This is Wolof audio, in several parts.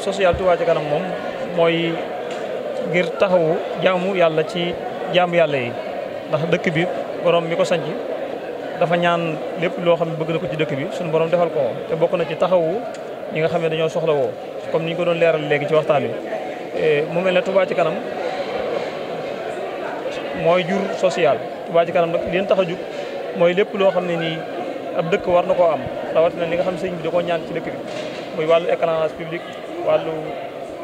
social Touba ci kanam moom mooy ngir taxawu jaamu yàlla ci jaamu yàlla yi ndax dëkk bi borom mi ko sanc dafa ñaan lépp loo xam ne bëgg na ko ci dëkk bi suñu borom defal ko te bokk na ci taxawu ñi nga xam ne dañoo soxla woo comme ni ñu ko doon leeral léegi ci waxtaan wi e, mu mel ne Touba ci kanam mooy jur social Touba ci kanam nag leen tax a jug mooy lépp loo xam ne nii ab dëkk war na koo am rawatina li nga xam sëñ bi da ñaan ci dëkk wàllu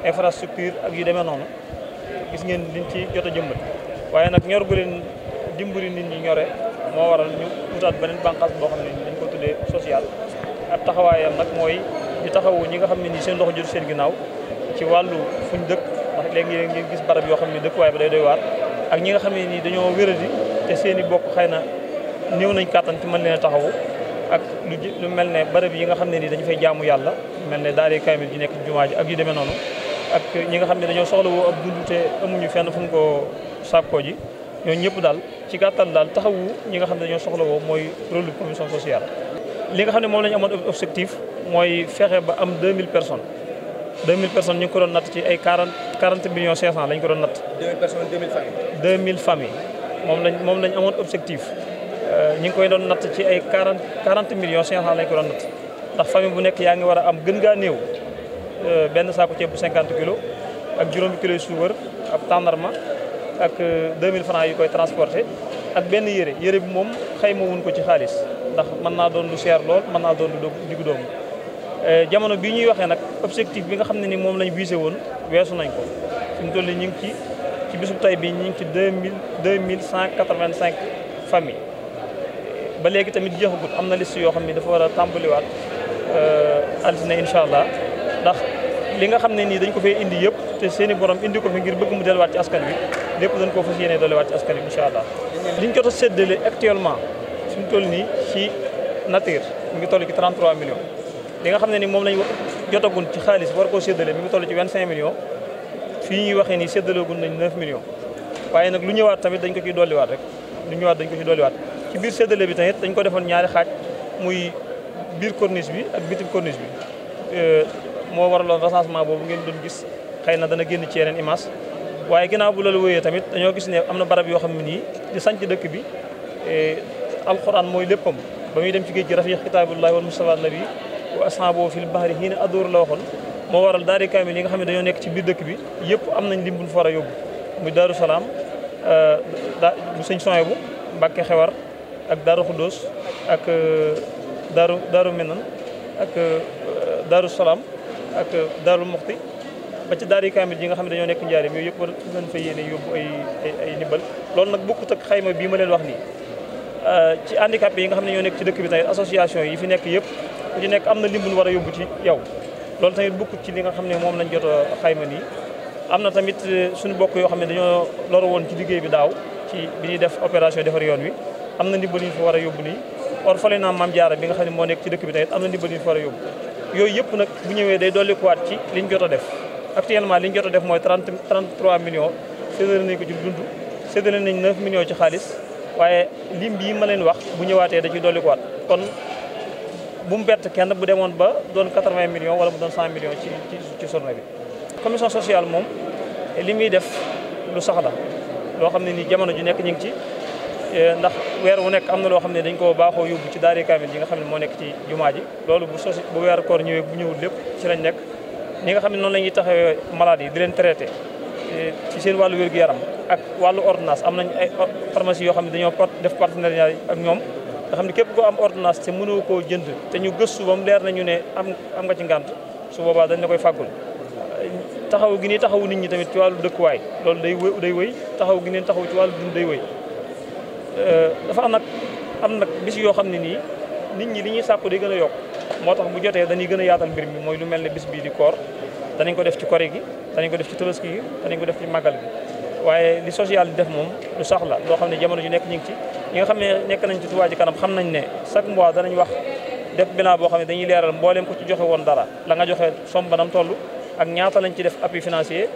infrastructure ak yu demee noonu gis ngeen liñ ci jot a jëmbat waaye nag ñor gu leen dimbali nit ñi ñore moo waral ñu utaat beneen bànqaas boo xam ne social taxawaayam nag mooy ñu taxawu ñi nga xam ne nii seen loxo jot seen ginnaaw ci wàllu fuñ dëkk ndax léegi ngeen gis barab yoo xam ne dëkkuwaay ba day doy waar ak ñi nga xam ne nii dañoo wéradi te seen i bokk xëy na néew nañ kàttan ci mën leen a taxawu ak lu mel ne barab yi nga xam ne nii dañu fay jaamu yàlla mel ne daara kaamil ji nekk jumaa ji ak yu demee noonu ak ñi nga xam ne dañoo soxla woo ab dund te amuñu fenn fu ñu ko sàkkoo ji ñooñu ñëpp daal ci gàttal daal taxawu ñi nga xam ne dañoo soxla woo mooy rôle commission sociale li nga xam ne moom la ñu amoon objectif mooy fexe ba am 2000 personnes 2000 personnes ñu ngi ko doon natt ci ay 40 40 millions 500 la ñu ko doon natt. 2000 personnes 2000 familles. moom lañ moom lañ amoon objectif euh, ñu ngi koy doon natt ci ay 40 40 millions 500 la ko doon natt. ndax famille bu nekk yaa ngi war a am gën ngaa néew euh, benn saako ceeb bu cinquante kilos ak juróomi kilos yu suukar ab tàndarma ak 2000 euh, francs yu koy transporté ak benn yére yére bi moom xayma wuñ ko ci xaalis ndax mën naa doon lu seer lool mën naa doon lu diggu doomu euh, jamono bii ñuy waxee nag objectif bi nga xam ne ni moom lañ visé woon weesu nañ ko fi mu toll ñu ngi ci ci bisub tay bi ñu ngi ci 2000 2185 famille ba léegi tamit jeexagut am na liste yoo xam ne dafa war a tàmbaliwaat Euh, altine incha allah ndax li nga xam ne nii dañ ko fee indi yëpp te seen i borom indi ko fi ngir bëgg mu delluwaat ci askan wi lépp dañ ko fas yéene delluwaat ci askan wi incha allah. liñ jot a séddale actuellement suñ toll nii si nature mu ngi toll ci 33 millions li nga xam ne ni moom lañ jotagun ci xaalis war koo séddale mi ngi toll ci 25 millions fii ñuy waxee nii séddalegun nañ 9 millions waaye nag lu ñëwaat tamit dañ ko ciy dolliwaat rek lu ñëwaat dañ ko ci dolliwaat ci biir dañ ko defoon ñaari xaaj biir corniche bi ak bitim corniche bi euh, moo waraloon recensement boobu ngeen doon gis xëy na dana génn ci yeneen image waaye ginnaaw bu lal wéyee tamit dañoo gis ne am na barab yoo xam ne nii di sanc dëkk bi e, alxuraan mooy léppam ba muy dem ci géej gi rafiq kitaabullahi wal mustafa nabi wa ashabu fil bahri hiina adóor la waxoon moo waral daari kaamil yi nga xam ne dañoo nekk ci biir dëkk bi yëpp am nañ lim bu ñu far a yóbbu muy daaru salaam e, da bu sëñ Soyebu Mbàkke xewar ak daaru daaru Minan ak euh, daaru Salaam ak daaru Muxti ba ci daari kaamil yi nga xam ne dañoo nekk njaarim yooyu yëpp war nañ fa yéene yóbbu ay ay loolu nag bokkut ak xayma bii ma leen wax nii euh, ci handicapé yi nga xam ne ñoo nekk ci dëkk bi tamit association yi fi nekk yëpp ku nekk am na limbu war a yóbbu ci yow loolu tamit bokkut ci li nga xam ne moom lañ jot xayma nii am na tamit euh, suñu bokk yoo xam ne dañoo loru woon ci liggéey bi daaw ci bi ñuy def opération defar yoon wi am na ndimbal yi ñu fa war a yóbbu nii orphelinat Mame jaar bi nga xam ne moo nekk ci dëkk bi tamit am na ndimbal yu fa war a yóbbu yooyu yëpp nag bu ñëwee day dolli kuwaat ci liñ jot a def actuellement liñ jot a def mooy 30 33 millions séddale nañ ko ci dund séddale nañ 9 millions ci xaalis waaye lim bii ma leen wax bu ñëwaatee da ciy dolli kuwaat kon bu mu bett kenn bu demoon ba doon 80 millions wala mu doon 100 millions ci ci ci journée bi. commission sociale moom li muy def lu sax loo xam ne nii jamono ju nekk ñu ngi ci. Eh, ndax weer wu nekk am na loo xam ne dañ koo baaxoo yóbbu ci daari kaamil yi nga xam ne moo nekk ci jumaa ji loolu bu sos bu weer koor ñëwee bu ñëwul lépp ci lañ nekk ñi nga xam ne noonu la ñuy taxawee malade di leen traité eh, ci seen wàllu wér-gu-yaram ak wàllu ordonnance am nañ ay pharmacie yoo xam ne dañoo def partenariat ak ñoom xam ne képp ko am ordonnance te mënoo koo jënd te ñu gëstu ba mu leer nañu ne am am nga ci ngànt su boobaa dañ la koy fagul taxaw gi ni taxaw nit ñi tamit ci wàllu dëkkuwaay loolu day wëy day wëy taxaw gi ni taxaw ci wàllu dund day wëy Euh, dafa am nag am nag bis yoo xam ne nii nit ñi li ñuy sàpp di gën a yokk moo tax bu jotee dañuy gën a yaatal mbir mi mooy lu mel ne bis bii di koor danañ ko def ci kori gi danañ ko def ci tabaski gi danañ ko def ci màggal gi waaye li social di def moom lu sax la xam ne jamono ju nekk ñu ngi ci ñi nga xam ne nekk nañ ci Touba Ca Kanam xam nañ ne chaque mois danañ wax def bilan boo xam ne dañuy leeral mbooleem ku joxe woon dara la nga joxe sombanam toll ak ñaata lañ ci def appui financier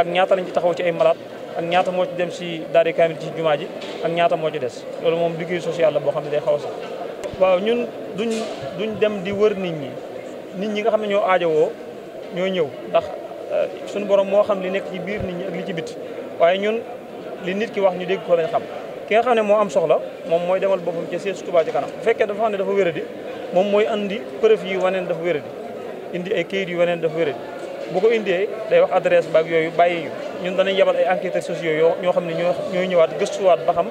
ak ñaata lañ ci taxaw ci ay malade ak ñaata moo ci dem si daari kaamil ci jumaa ji ak ñaata moo ci des loolu moom liggéey social la boo xam ne day xaw a sax waaw ñun duñ duñ dem di wër nit ñi nit ñi nga xam ne ñoo aajowoo ñoo ñëw ndax eh, suñu borom moo xam li nekk ci biir nit ñi ak li ci bit waaye ñun li nit ki wax ñu dégg ko lañ xam ki nga xam ne moo am soxla moom mooy demal boppam ca seetu Touba ci kanam bu fekkee dafa xam ne dafa wéradi moom mooy andi preuve yi waneen dafa wéradi indi ay kayit yu waneen dafa wéradi bu ko indee day wax yooyu bàyyi ñu ñun danañ yebal ay enquêteurs sociaux yoo ñoo xam ne ñoo ñooy ñëwaat gëstuwaat ba xam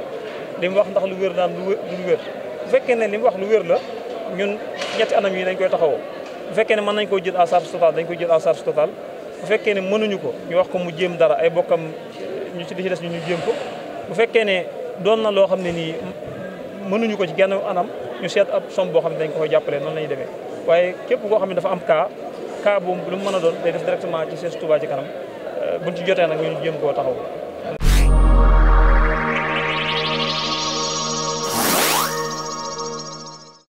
li mu wax ndax lu wér naan lu lu wér bu fekkee ne li mu wax lu wér la ñun ñetti anam yi dañ koy taxawoo bu fekkee ne mën nañ koo jël en charge totale dañ koy jël en charge totale fekkee ne mënuñu ko ñu wax ko mu jéem dara ay bokkam ñu ci di ci des ñu ñu jéem ko bu fekkee ne doon na loo xam ne nii mënuñu ko ci genn anam ñu seet ab somme boo xam ne dañ ko koy jàppale noonu la ñuy demee waaye képp koo xam ne dafa am cas cas boobu lu mu mën a doon day def directement ci ci kanam buñ ci jotee nag ñu jéem koo